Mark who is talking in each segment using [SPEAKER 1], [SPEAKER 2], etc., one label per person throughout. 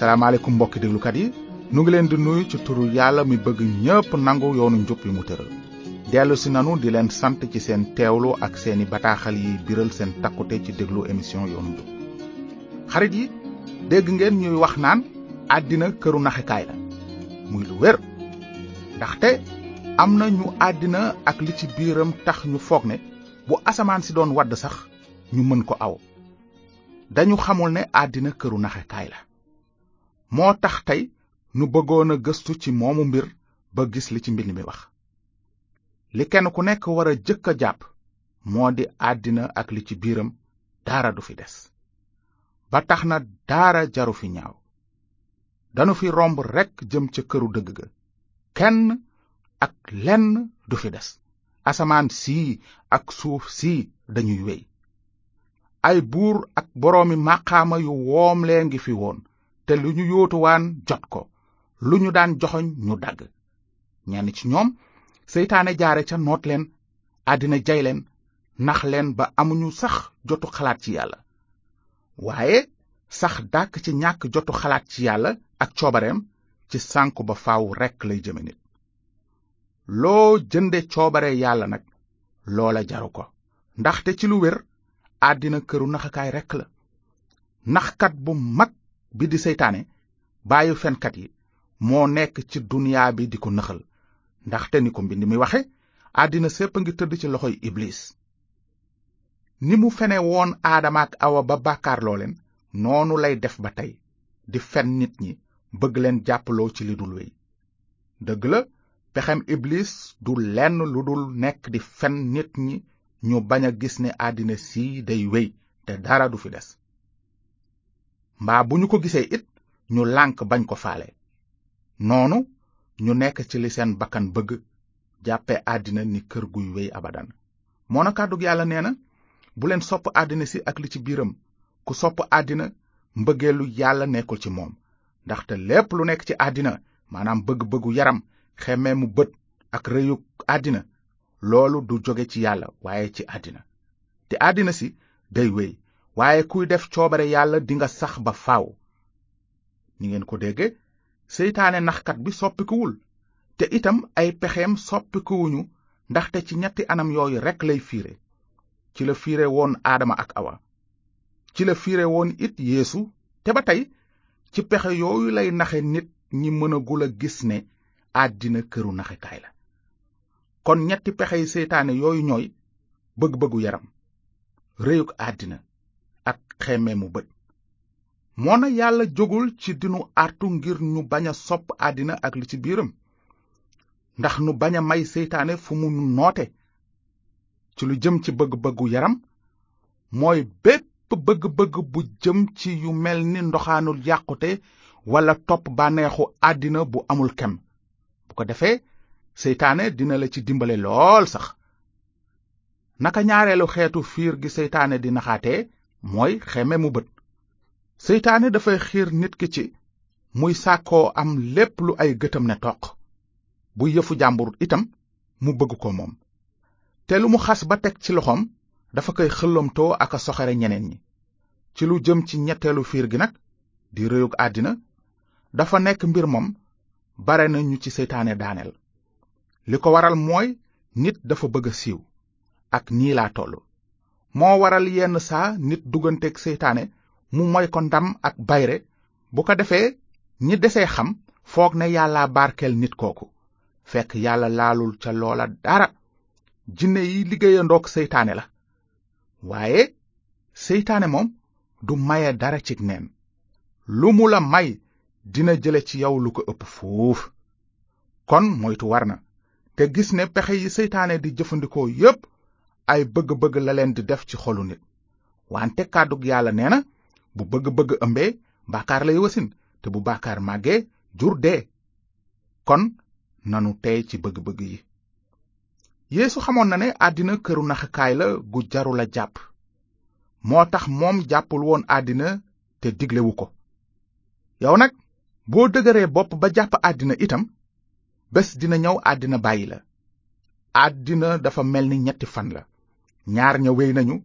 [SPEAKER 1] salaamaaleykum mbokki déglukat yi nu ngi leen di nuyu ci turu yàlla mi bëgg ñépp nangu yoonu njub yi mu tëral dellu si nanu di leen sant ci seen teewlu ak seeni bataaxal yi biral seen takkute ci déglu émission yoonu njub xarit yi dégg ngeen ñuy wax naan àddina këru naxekaay la muy lu wér ndaxte am na ñu àddina ak li ci biiram tax ñu foog ne bu asamaan si doon wadd sax ñu mën ko aw dañu xamul ne àddina këru naxekaay la moo tax tey ñu bëggoon a gëstu ci moomu mbir ba gis li ci mbind mi wax li kenn ku nekk war a jëkk a jàpp moo di àddina ak li ci biiram dara du fi des ba tax na dara jaru fi ñaaw danu fi romb rekk jëm ca këru dëgg ga kenn ak lenn du fi des asamaan sii ak suuf sii dañuy wéy ay buur ak boroomi maqaama yu woom lee ngi fi woon te lu ñu yóotuwaan jot ko lu ñu daan joxoñ ñu dagg ñenn ci ñoom seytaane jaare ca noot leen àddina jay leen nax leen ba amuñu sax jotu xalaat ci yàlla waaye sax dàkk ci ñàkk jotu xalaat ci yàlla ak coobareem ci sànku ba faaw rekk lay jëme nit loo jënde coobare yàlla nag loola jaru ko ndaxte ci lu wér àddina këru naxakaay rekk la naxkat bu mag bi di seytaane bàyyi fenkat yi moo nekk ci duniyaa bi di ko nëxal ndaxte ni ko mbind mi waxe àddina sépp a ngi tëdd ci loxoy iblis ni mu fene woon aadama ak awa ba bàkkaarloo leen noonu lay def ba tey di fen nit ñi bëgg leen jàppaloo ci li dul wéy dëgg la pexem iblis du lenn lu dul nekk di fen nit ñi ñu bañ a gis ne àddina sii day wéy te dara du fi des mbaa bu ñu ko gisee it ñu lànk bañ ko faale noonu ñu nekk ci li seen bakkan bëgg jàppe àddina ni kër guy wéy abadan moona kàddug yàlla nee na bu leen sopp àddina si ak li ci biiram ku sopp àddina mbëggeelu yàlla nekkul ci moom ndaxte lépp lu nekk ci àddina maanaam bëgg-bëggu yaram xeme mu bët ak rëyug àddina loolu du jóge ci yàlla waaye ci àddina te àddina si day wéy waaye kuy def coobare yàlla dinga sax ba faw ni ngeen ko dégge seytaane naxkat bi soppikuwul te itam ay pexeem soppikuwuñu ndaxte ci ñetti anam yooyu rekk lay fiire ci la fiire woon aadama ak awa ci la fiire woon it yéesu te ba tey ci pexe yooyu lay naxe nit ñi mënagul a gis ne àddina këru naxekaay la kon ñetti pexe pexey seytaane yooyu ñooy bëgg-bëggu yaram réyuk àddina ak xemmemu bët yàlla jógul ci dinu artu ngir ñu bañ a sopp àddina ak li ci biiram ndax nu bañ a may seytaane fu mu noote ci lu jëm ci bëgg-bëggu yaram mooy bépp bëgg-bëgg bu jëm ci yu mel ni ndoxaanul yàqute walla topp bànneexu àddina bu amul kem bu ko defee seytaane dina la ci dimbale lool sax naka ñaareelu xeetu fiir gi seytaane di naxaatee mooy xeme mu bët seytaane dafay xiir nit ki ci muy sàkkoo am lépp lu ay gëtëm ne toq bu yëfu jàmbur itam mu bëgg ko moom te lu mu xas ba teg ci loxoom dafa koy xëllamtoo ak a soxare ñeneen ñi ci lu jëm ci ñetteelu fiir gi nag di réyug àddina dafa nekk mbir moom bare na ñu ci seytaane daaneel li ko waral mooy nit dafa bëgg siiw ak nii laa tollu moo waral yenn saa nit dugganteeg seytaane mu moy ko ndam ak bayre bu ko defee ñi desee xam foog ne yàlla barkeel nit kooku fekk yàlla laalul ca loola dara jinne yi liggéeyandoog seytaane la waaye seytaane moom du maye dara ci nen lu mu la may dina jële ci yow lu ko ëpp fuuf kon moytu war na te gis ne pexe yi seytaane di jëfandikoo yépp ay bëgg-bëgg la leen di def ci xolu nit wante kàddug yàlla nee na bu bëgg-bëgg ëmbee baakaar lay wasin te bu baakaar màggee jur dee kon nanu tey ci bëgg-bëgg yi yeesu xamoon na ne àddina këru naxakaay la gu jarul a jàpp moo tax moom jàppul woon àddina te diglewu ko yow nag boo dëgëree bopp ba jàpp àddina itam bés dina ñëw àddina bàyyi la àddina dafa mel ni ñetti fan la ñaar ña wéy nañu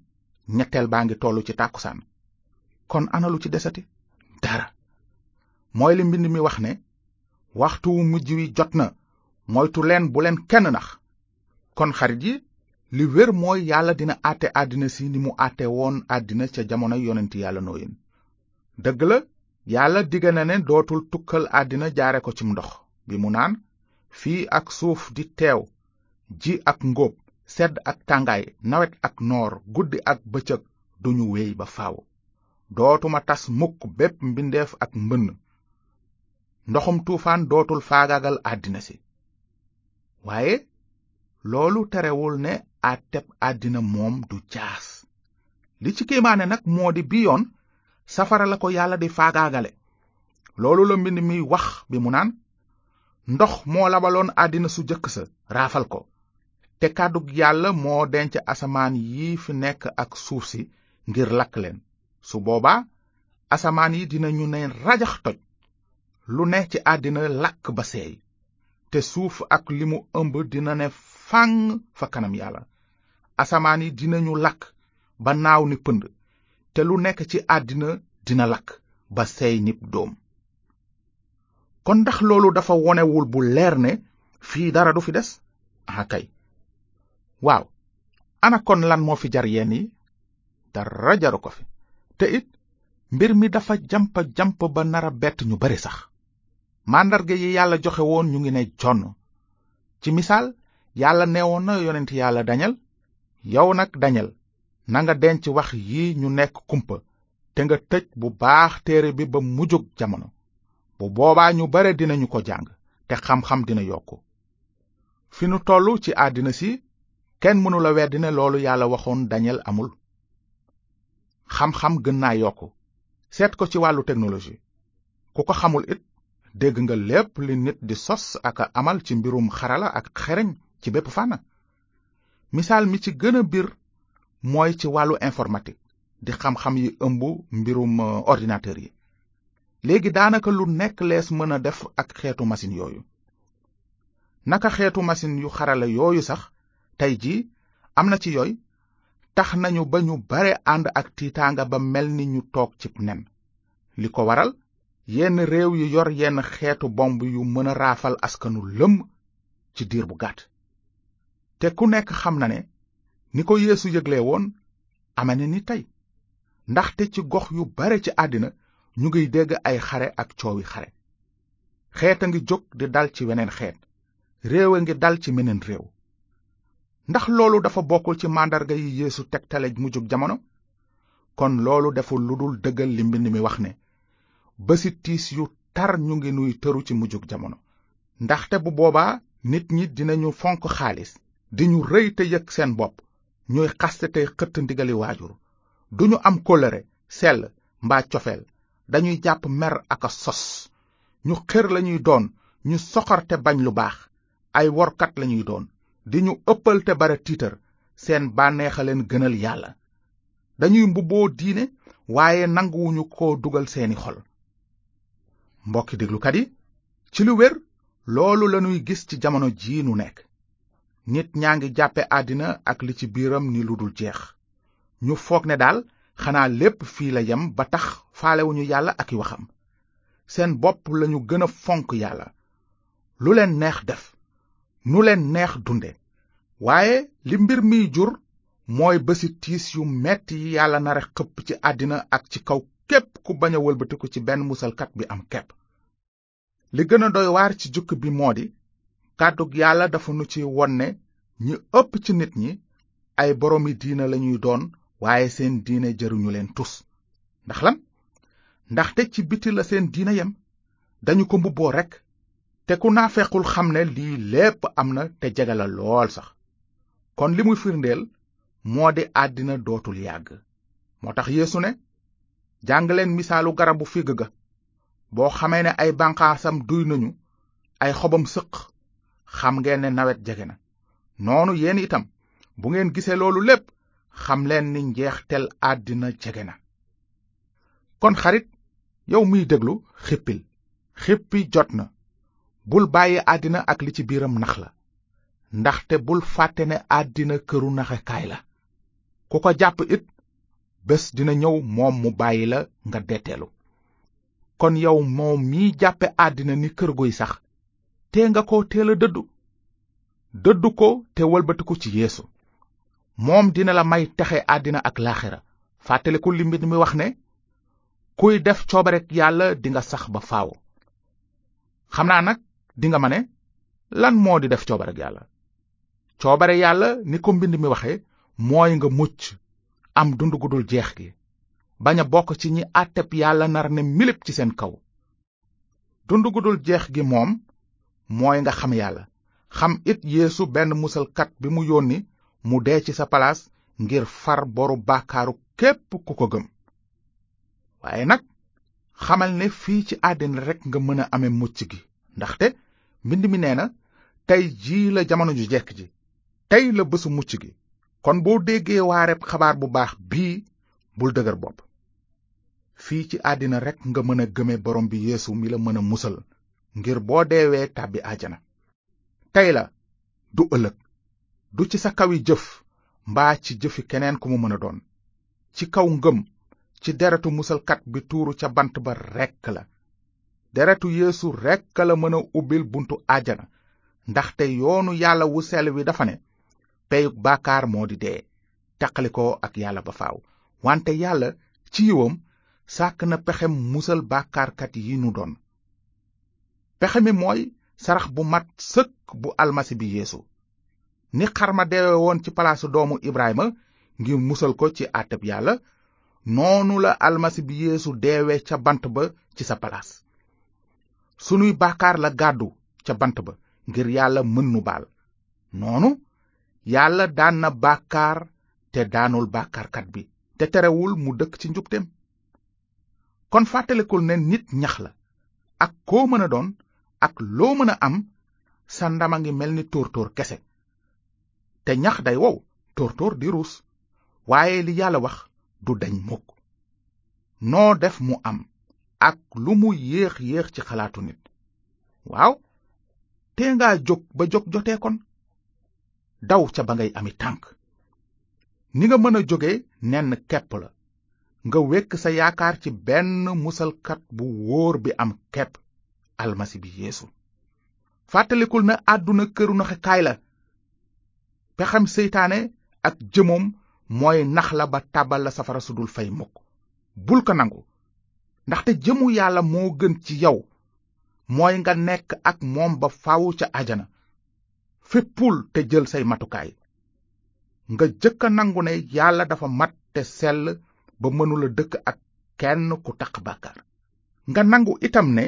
[SPEAKER 1] ñetteel baa ngi tollu ci tàkkusaan kon analu ci desati dara mooy li mbind mi wax ne waxtu wu mujj wi jot na moytu leen bu leen kenn nax kon xarit yi li wér mooy yàlla dina àtte àddina si ni mu àtte woon àddina ca jamono yonent yàlla nooyin dëgg la yàlla digga ne dootul tukkal àddina jaare ko cim ndox bi mu naan fii ak suuf di teew ji ak ngóob sedd ak tàngaay nawet ak noor guddi ak bëccëg duñu wéy ba faw dootuma tas mukk bépp mbindeef ak mbënn ndoxum tuufaan dootul faagaagal àddina si waaye loolu terewul ne àtteb àddina moom du jaas li ci kéemaane nag moo di bi safara la ko yàlla di faagaagale loolu la mbind mi wax bi mu naan ndox moo labaloon àddina su jëkk sa raafal ko te kàddu yàlla moo denc asamaan yi fi nekk ak suuf si ngir lakk leen su boobaa asamaan yi dinañu ne rajax toj lu ne ci àddina lakk ba seey te suuf ak li mu ëmb dina ne fànn fa kanam yàlla asamaan yi dinañu lakk ba naaw ni pënd te lu nekk ci àddina dina lakk ba seey nib doom kon ndax loolu dafa wonewul bu leer ne fii dara du fi des ah waaw ana kon lan moo fi jar yenn yi dara jaru ko fi te it mbir mi dafa jampa jamp ba nara bett ñu bari sax màndarga yi yàlla joxe woon ñu ngi ne jonn ci misaal yàlla neewoon na yonent yàlla dañal yow nag dañal nanga denc wax yi ñu nekk kumpa te nga tëj bu baax téere bi ba mujjug jamono bu boobaa ñu bare dinañu ko jàng te xam-xam dina yokk fi nu toll ci àddina si kenn mënula weddi ne loolu yàlla waxoon Daniel amul xam-xam gën naa yokk seet ko ci wàllu technologie ku ko xamul it dégg nga lépp li nit di sos ak amal ci mbirum xarala ak xereñ ci bépp fànn misaal mi ci gën a biir mooy ci wàllu informatique di xam-xam yi ëmb mbirum euh, ordinateur yi léegi daanaka lu nekk lees mën a def ak xeetu machine yooyu naka xeetu machine yu xarala yooyu sax tey jii am na ci yooy tax nañu ba ñu bare ànd ak tiitaanga ba mel ni ñu toog cib nen li ko waral yenn réew yu yor yenn xeetu bomb yu mën a raafal askanu lëmm ci diir bu gàtt te ku nekk xam na ne ni ko yeesu yëgle woon amane ni tey ndaxte ci gox yu bare ci àddina ñu ngiy dégg ay xare ak coowi xare xeet a ngi jóg di dal ci weneen xeet réew a ngi dal ci meneen réew ndax loolu dafa bokkul ci màndarga yi yeesu tegtale mujjug jamono kon loolu deful lu dul dëggal li mbind mi wax ne bési tiis yu tar ñu ngi nuy tëru ci mujjug jamono ndaxte bu boobaa nit ñi dina dinañu fonk xaalis di ñu rëy te yëg seen bopp ñuy xaste tey xëtt ndigali waajur duñu am kóllëre sell mbaa cofeel dañuy jàpp mer ak a sos ñu xër lañuy doon ñu soxor te bañ lu baax ay workat lañuy doon di ñu ëppal te bare tiitar seen bànneex a leen gënal yàlla dañuy mbubboo diine waaye nanguwuñu ko dugal seeni xol mbokki déglukat yi ci lu wér loolu lañuy gis ci jamono ji nu nekk nit ñaa ngi jàppe àddina ak li ci biiram ni lu dul jeex ñu foog ne daal xanaa lépp fii la yem ba tax faalewuñu yàlla ak i waxam seen bopp lañu gën a fonk yàlla lu leen neex def nu leen neex dunde waaye li mbir miy jur mooy bési tiis yu metti yi yàlla nara xëpp ci àddina ak ci kaw képp ku bañ a wëlbatiku ci benn musalkat bi am kepp li gën a doy waar ci jukk bi moo di kàddug yàlla dafa nu ci wonne ñi ëpp ci nit ñi ay boroomi diina lañuy doon waaye seen diine jëruñu leen tus ndax lan ndaxte ci biti la seen diina yem dañu ko mbubboo rekk te ku fequl xam ne lii lépp am na te jege lool sax kon li muy firndeel moo di àddina dootul yàgg moo tax yeesu ne jàngleen misaalu garabu figg ga boo xamee ne ay banqaasam duy nañu ay xobam sëq xam ngeen ne nawet jege na noonu yéen itam bu ngeen gisee loolu lépp xam leen ni njeextel àddina jege na kon xarit yow muy déglu xippil xippi jot na bul bàyyi àddina ak li ci biiram nax la ndaxte bul fàtte ne àddina këru naxekaay la ku ko jàpp it bés dina ñëw moom mu bàyyi la nga detteelu kon yow moom miy jàppe àddina ni kër guy sax te nga ko teela dëddu dëddu ko te walbatiku ci yeesu moom dina la may texe àddina ak laaxira fàttaliku li mbir mi wax ne kuy def coobarek yàlla dinga sax ba faaw dinga ma ne lan moo di def coobareg yàlla coobare yàlla ni ko mbind mi waxe mooy nga mucc am dund gu jeex gi bañ a bokk ci ñi àtteb yàlla nar ne milip ci seen kaw dund jeex gi moom mooy nga xam yàlla xam it yéesu benn musalkat bi mu yónni mu dee ci sa palaas ngir far boru bàkkaaru képp ku ko gëm waaye nag xamal ne fii ci àddina rekk nga mën a ame mucc gi ndaxte mbind mi nee na tey jii la jamono ju jekk ji tey la bésu mucc gi kon boo déggee waareb xabaar bu baax bii bul dëgër bopp fii ci àddina rekk nga mën a gëme borom bi yéesu mi la mën a musal ngir boo deewee tàbbi àjjana tey la du ëllëg du ci sa kawi jëf mbaa ci jëfi keneen ku mu mën a doon ci kaw ngëm ci deretu musalkat bi tuuru ca bant ba rekk la deretu yeesu rekk la mën a ubbil buntu àjjana ndaxte yoonu yàlla wu sel wi dafa ne peyug baakaar moo di dee taqalikoo ak yàlla ba faaw wante yàlla ci yiwam sàkk na pexem musal baakaarkat yi nu doon pexe mi mooy sarax bu mat sëkk bu almasi bi yeesu ni xar ma deewe woon ci palaasu doomu Ibrahima ngir musal ko ci àtteb yàlla noonu la almasi bi yéesu deewe ca bant ba ci sa palaas sunuy baakaar la gàddu ca bant ba ngir yàlla mën nu baal noonu yàlla daan na baakaar te daanul baakaarkat bi te terewul mu dëkk ci njubteem kon fàttalikul ne nit ñax la ak koo mën a doon ak loo mën a am sa ndam a ngi mel ni tóortóor kese te ñax day wow tóortóor di ruus waaye li yàlla wax du dañ mukk noo def mu am ak lu mu yéex yéex ci xalaatu nit waaw te nga jóg ba jóg jotee kon daw ca ba ngay ami tànk ni nga mën a jóge nenn kepp la nga wékk sa yaakaar ci benn musalkat bu wóor bi am kepp almasi bi yeesu fàttalikul na àdduna këru naxekaay la pexam seytaane ak jëmoom mooy nax la ba tàbbal la safara su dul fay mukk bul ko nangu ndaxte jëmu yàlla moo gën ci yow mooy nga nekk ak moom ba faw ca ajana féppul te jël say matukaay nga jëkk a nangu ne yàlla dafa mat te sell ba mënula dëkk ak kenn ku taq bàkkaar nga nangu itam ne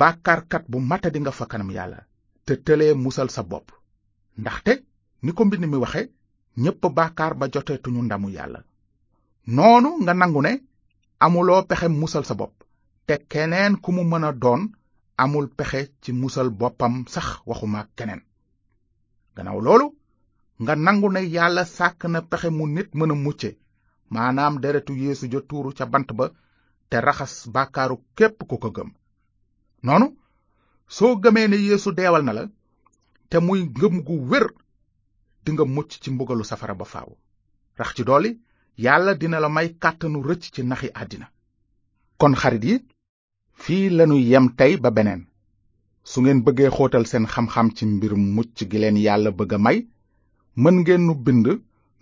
[SPEAKER 1] bàkkaarkat bu matadi dinga fa kanam yàlla te tële musal sa bopp ndaxte ni ko mbind mi waxe ñépp bàkkaar ba joteetuñu ndamu yàlla noonu nga nangu ne amuloo pexe musal sa bopp te keneen ku mu mën a doon amul pexe ci musal boppam sax waxuma keneen gannaaw loolu nga nangu ne yàlla sàkk na pexe mu nit mën a mucce maanaam deretu yéesu ja tuuru ca bant ba te raxas bàkkaaru képp ku ko gëm noonu soo gëmee ne yéesu deewal na la te muy ngëm gu wér dinga mucc ci mbugalu safara ba faaw rax ci dolli yàlla dina la may kàttanu rëcc ci naxi àddina kon xarit yi fii lanu yem tey ba beneen su ngeen bëggee xóotal seen xamxam ci mbir mucc gi leen yàlla bëgg a may mën ngeen nu bind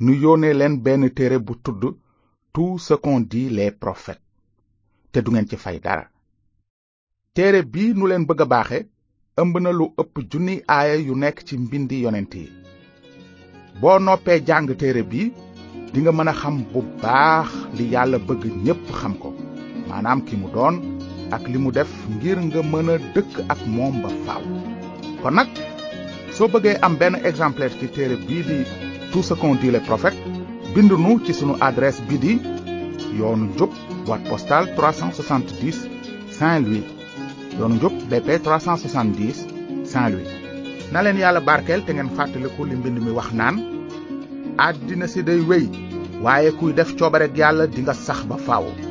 [SPEAKER 1] nu yónnee leen benn téere bu tudd tout ce qu'on dit les prophètes te du ngeen ci fay dara téere bii nu leen bëgg a baaxe ëmb na lu ëpp junniy aaya yu nekk ci mbindi yonent yi boo noppee jàng téere bii di nga mën a xam bu baax li yàlla bëgg ñépp xam ko maanaam ki mu doon ak li mu def ngir nga mën a dëkk ak moom ba faaw kon nag soo bëggee am benn exemplaire ci téere bii di tout ce qu'on dit les prophètes bind nu ci sunu adresse bi di yoonu njub boîte postale 370 saint louis yoonu njub bp 370 saint louis na leen yàlla barkeel te ngeen fàttaliku li mbind mi wax naan àddina si day wéy waaye kuy def coobareg yàlla dinga sax ba faaw